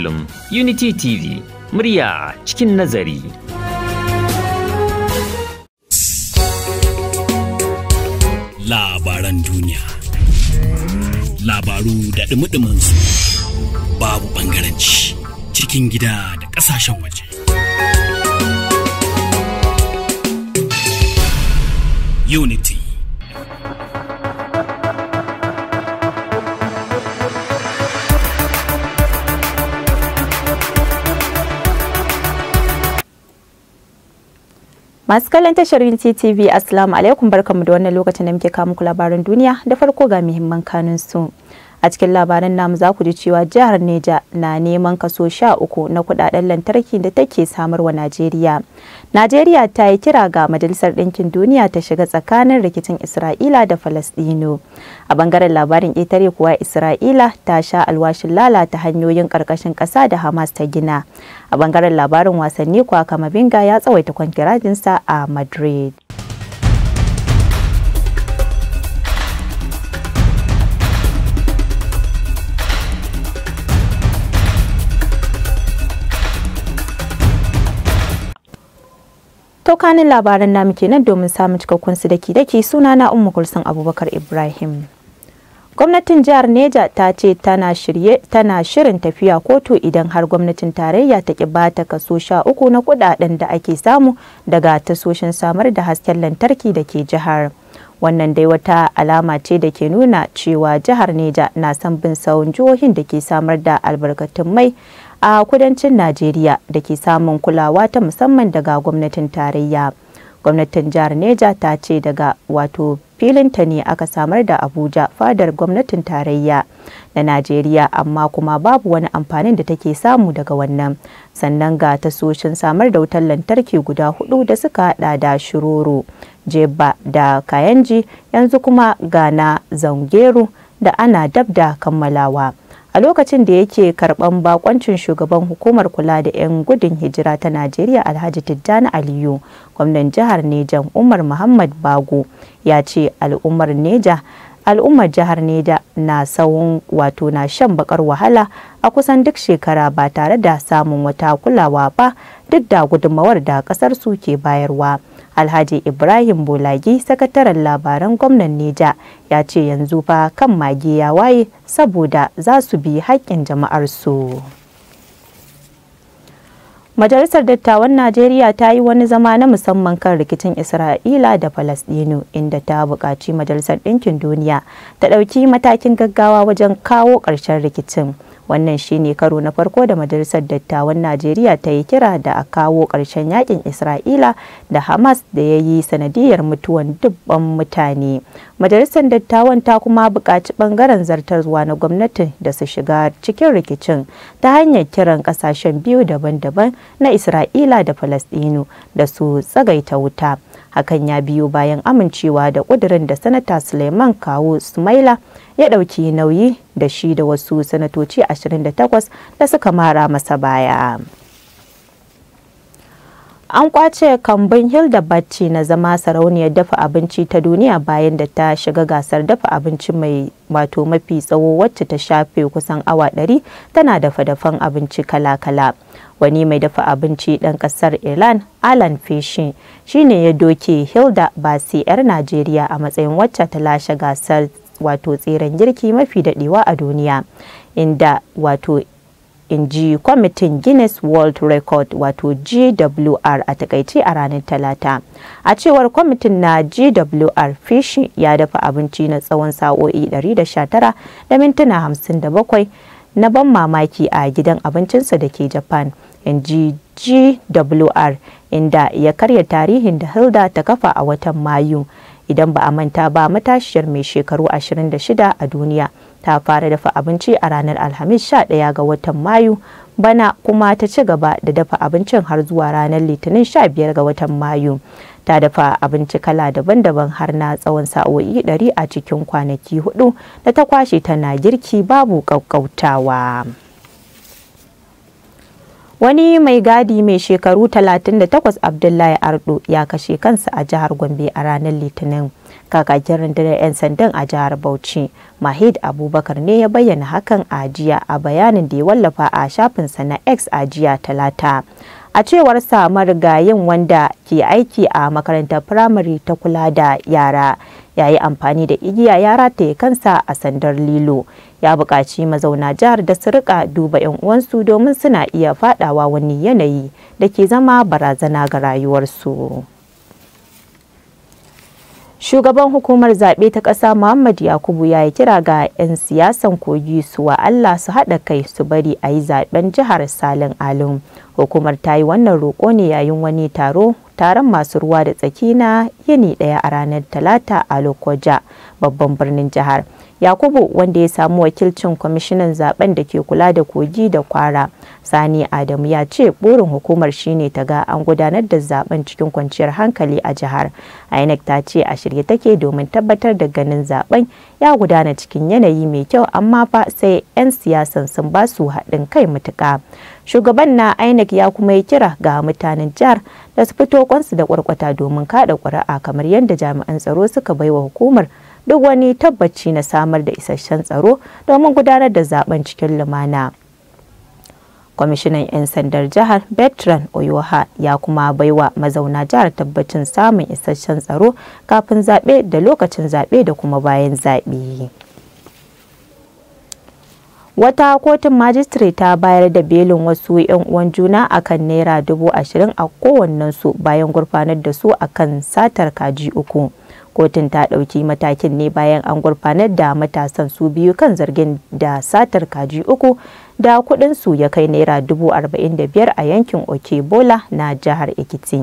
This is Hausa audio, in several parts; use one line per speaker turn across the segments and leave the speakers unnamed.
kullum Unity TV murya cikin nazari. Labaran duniya Labaru da ɗumi su babu ɓangaranci cikin gida da ƙasashen waje. Unity Masu kallon tashar TTV Assalamu alaikum barkamu da wannan lokacin da muke kawo muku labaran duniya da farko ga muhimman kanun a cikin labaran namu za ku ji cewa jihar neja na neman kaso sha uku na kudaden lantarki da take samarwa najeriya najeriya ta yi kira ga majalisar ɗinkin duniya ta shiga tsakanin rikicin isra'ila da falasɗinu a bangaren labarin ƙetare kuwa isra'ila ta sha alwashin lalata hanyoyin ƙarƙashin ƙasa da hamas ta gina a bangaren labarin wasanni kuwa kamabinga ya tsawaita kwankirajinsa a madrid To kanin labaran namu kenan domin samun cikakkun su dake daki suna na Ummu Kulsun Abubakar Ibrahim. Gwamnatin jihar Neja ta ce tana shirye tana shirin tafiya kotu idan har gwamnatin tarayya ta ki bata kaso sha uku na kudaden da ake samu daga tasoshin samar da hasken lantarki da ke jihar. Wannan dai wata alama ce da ke nuna cewa jihar Neja na son bin sawun jihohin da ke samar da albarkatun mai a kudancin Najeriya da ke samun kulawa ta musamman daga gwamnatin tarayya. Gwamnatin jihar Neja ta ce daga wato filinta ne aka samar da Abuja fadar gwamnatin tarayya na Najeriya amma kuma babu wani amfanin da take samu daga wannan. Sannan ga tasoshin samar da wutar lantarki guda hudu da suka hada da shiroro. Jeba da Kayanji yanzu kuma ga na Zangeru da ana dabda kammalawa. a lokacin da yake karban bakoncin shugaban hukumar kula da 'yan gudun hijira ta najeriya alhaji tijjani aliyu gwamnan jihar neja umar muhammad bago ya ce al'ummar neja al'ummar jihar Neja na tsawon wato na shan bakar wahala a kusan duk shekara ba tare da samun wata kulawa ba duk da gudunmawar da kasar su ke bayarwa. Alhaji Ibrahim Bolagi sakataren labaran gwamnan Neja ya ce yanzu fa kan mage ya waye saboda za su bi haƙƙin jama'ar su. Majalisar Dattawan Najeriya ta yi wani zama na musamman kan rikicin Isra'ila da Falasɗinu inda ta buƙaci Majalisar Ɗinkin Duniya ta ɗauki matakin gaggawa wajen kawo ƙarshen rikicin. wannan shine karo na farko da majalisar dattawan najeriya ta yi kira da a kawo ƙarshen yakin isra'ila da hamas da ya yi sanadiyar mutuwan dubban mutane majalisar dattawan ta kuma buƙaci ɓangaren zartarwa na gwamnati da su shiga cikin rikicin ta hanyar kiran ƙasashen biyu daban-daban na isra'ila da falasɗinu da su tsagaita wuta hakan ya biyo bayan amincewa da ƙudurin da sanata suleiman kawo smaila ya ɗauki nauyi da shi da wasu sanatoci 28 da suka mara masa baya an kwace kambun hilda bacci na zama sarauniyar dafa abinci ta duniya bayan da ta shiga gasar dafa abinci mai wato mafi tsawo wacce ta shafe kusan awa 100 tana dafa dafan abinci kala-kala wani mai dafa abinci ɗan ƙasar iran alan fishin shine ya doke hilda basi 'yar najeriya a matsayin wacce ta lashe gasar wato tseren girki mafi daɗewa a duniya inda wato in ji kwamitin guinness world record wato gwr a takaice a ranar talata a cewar kwamitin na gwr fishi ya dafa abinci na tsawon sa'o'i 119 da mintuna 57 na ban mamaki a gidan abincinsa da ke japan in ji gwr inda ya karya tarihin da hilda ta kafa a watan mayu idan ba a manta ba matashiyar mai shekaru 26 a duniya ta fara dafa abinci a ranar alhamis 11 ga watan mayu bana kuma ta ci gaba da dafa abincin har zuwa ranar litinin 15 ga watan mayu ta dafa abinci kala daban-daban har na tsawon sa'o'i 100 a cikin kwanaki hudu da ta kwashe tana girki babu ƙauƙautawa. wani mai gadi mai shekaru 38 abdullahi ardo ya kashe kansa a jihar gombe a ranar litinin kakakin rundunar 'yan sandan a jihar bauchi mahid abubakar ne ya bayyana hakan a jiya a bayanin da ya wallafa a shafinsa na x a jiya talata a cewar ga yin wanda ke aiki a makarantar firamare ta kula da yara ya yi amfani da igiya ya rataye kansa a sandar lilo ya buƙaci mazauna jihar da su rika duba 'yan uwansu domin suna iya fadawa wani yanayi da ke zama barazana ga rayuwarsu. Shugaban hukumar zaɓe ta ƙasa Muhammad Yakubu ya yi kira ga 'yan siyasan kogi su wa Allah su haɗa kai su bari a yi zaɓen jihar Salin Alum. Hukumar ta yi wannan roƙo ne yayin wani taro taron masu ruwa da tsaki na yini daya a ranar talata a lokoja babban birnin jihar yakubu wanda ya samu wakilcin kwamishinan zaben da ke kula da kogi da kwara sani adamu ya ce burin hukumar shine ta ga an gudanar da zaben cikin kwanciyar hankali a jihar inec ta ce a shirye take domin tabbatar da ganin zaben ya gudana cikin yanayi mai kyau amma fa sai 'yan siyasan sun ba su haɗin kai matuka. shugaban na inec ya kuma yi kira ga mutanen jihar da su fito kwansu da kwarkwata domin kada ƙuri'a kamar yadda jami'an tsaro suka baiwa hukumar duk wani tabbaci na samar da isasshen tsaro domin gudanar da zaben cikin lumana kwamishinan 'yan sandar jihar bertrand oyoha ya kuma baiwa mazauna jihar tabbacin samun isasshen tsaro kafin zaɓe da lokacin zaɓe da kuma bayan zaɓe. wata kotun majistare ta bayar da belin wasu 'yan uwan juna akan naira dubu ashirin a kowannensu bayan gurfanar da su akan satar kaji uku kotun ta ɗauki matakin ne bayan an gurfanar da matasan su biyu kan zargin da satar kaji uku da kuɗin su ya kai naira dubu arba'in da biyar a yankin okebola na jihar ekiti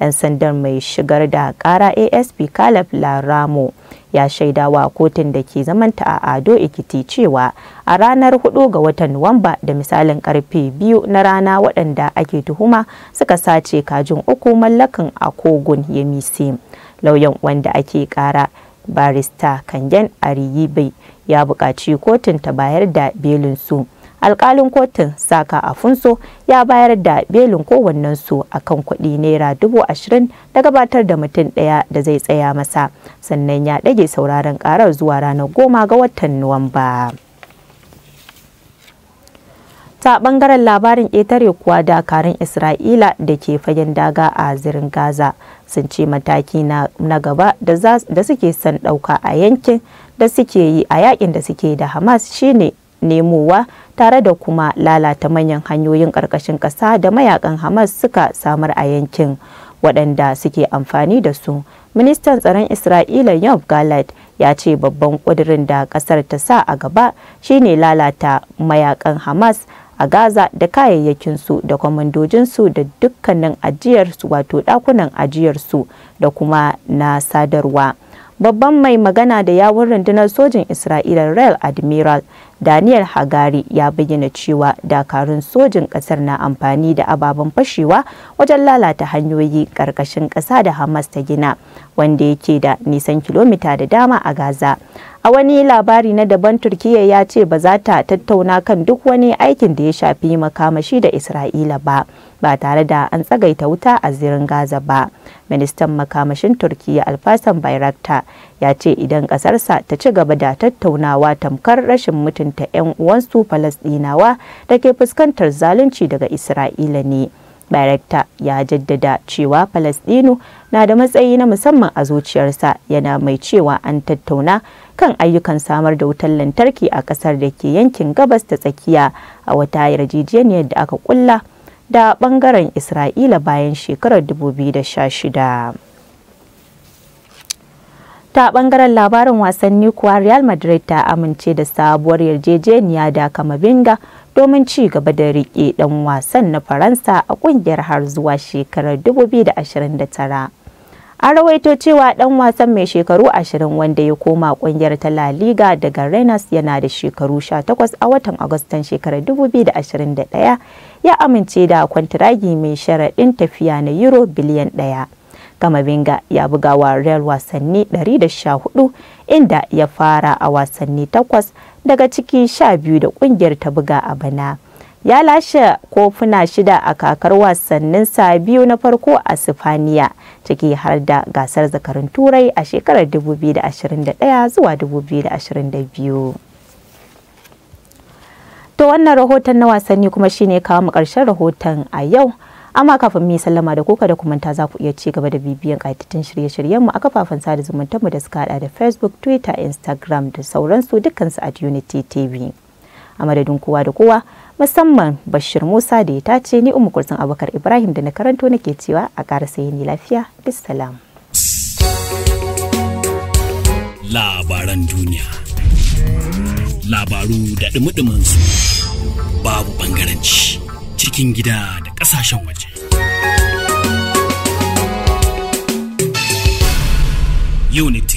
ɗan sandan mai shigar da ƙara asp caleb laramo ya shaida wa kotun da ke zamanta a ado ekiti cewa a ranar 4 ga watan nuwamba da misalin karfe biyu na rana waɗanda ake tuhuma suka sace kajin uku mallakan a kogon yemisi lauyan wanda ake kara barista kangen ariyibe ya buƙaci kotun ta bayar da belin su alkalin kotun saka afunso ya bayar da belin kowannensu su akan kuɗi naira dubu ashirin da gabatar da mutum ɗaya da zai tsaya masa sannan ya ɗage sauraron ƙarar zuwa ranar goma ga watan nuwamba. sa bangaren labarin ƙetare kuwa dakarun isra'ila da ke fagen daga a zirin gaza sun ce mataki na gaba da suke son ɗauka a yankin da suke yi a yakin da suke da hamas shine nemowa tare da kuma lalata manyan hanyoyin ƙarƙashin ƙasa da mayakan hamas suka samar a yankin waɗanda suke amfani da su ministan tsaron isra'ila yob galad ya ce babban ƙudurin da ƙasar ta sa a gaba shine lalata mayakan hamas a Gaza da kayayyakinsu da kwamandojinsu da dukkanin ajiyarsu wato ɗakunan ajiyarsu da kuma na sadarwa. Babban mai magana da yawun rundunar sojin Isra'ila Rail Admiral daniel hagari ya bayyana cewa dakarun sojin kasar na amfani da ababen fashewa wajen lalata hanyoyi karkashin kasa da hamas ta gina wanda yake da nisan kilomita da dama a gaza a wani labari na daban turkiyya ya ce ba za ta tattauna kan duk wani aikin da ya shafi makamashi da isra'ila ba ba tare da an tsagaita wuta a zirin gaza ba ministan makamashin turkiyya alfasan bayrakta ya ce idan kasarsa ta ci gaba da tattaunawa tamkar rashin mutunta 'yan uwansu falasdinawa da ke fuskantar zalunci daga isra'ila ne Barakta ya jaddada cewa Falasɗinu na da matsayi na musamman a zuciyarsa yana mai cewa an tattauna kan ayyukan samar da wutar lantarki a kasar da ke yankin gabas ta tsakiya a wata yarjejeniyar da aka kulla da bangaren Isra'ila bayan shekarar 2016. ta bangaren labarin wasanni kuwa real madrid ta amince da sabuwar yarjejeniya da kamavinga domin ci gaba da riƙe ɗan wasan na faransa a ƙungiyar har zuwa shekarar 2029 an rawaito cewa ɗan wasan mai shekaru 20 wanda ya koma ƙungiyar ta la liga daga renas yana da shekaru 18 a watan agustan shekarar 2021 ya amince da kwantiragi mai sharaɗin tafiya na euro biliyan ɗaya. Kamavinga ya buga wa Real wasanni 114 inda ya fara a wasanni takwas daga ciki 12 da kungiyar ta buga a bana. Ya lashe kofuna shida a kakar wasannin sa biyu na farko a Sifaniya ciki har da gasar zakarun Turai a shekarar 2021 zuwa 2022. To wannan rahoton na wasanni kuma shine kawo mu ƙarshen rahoton a yau. amma kafin mu sallama da koka da kumanta za ku iya ci gaba da bibiyan kayatattun shirye-shiryenmu a kafafen sada zumunta mu da suka hada da Facebook, Twitter, Instagram da sauransu su at Unity TV. A madadin kowa da kowa musamman Bashir Musa da ya tace ni Ummu Kulsun Abubakar Ibrahim da na karanto nake cewa a ƙara ni lafiya. Bisalam. Labaran duniya. Labaru da dumi su babu bangaranci cikin gida da ƙasashen waje. unity.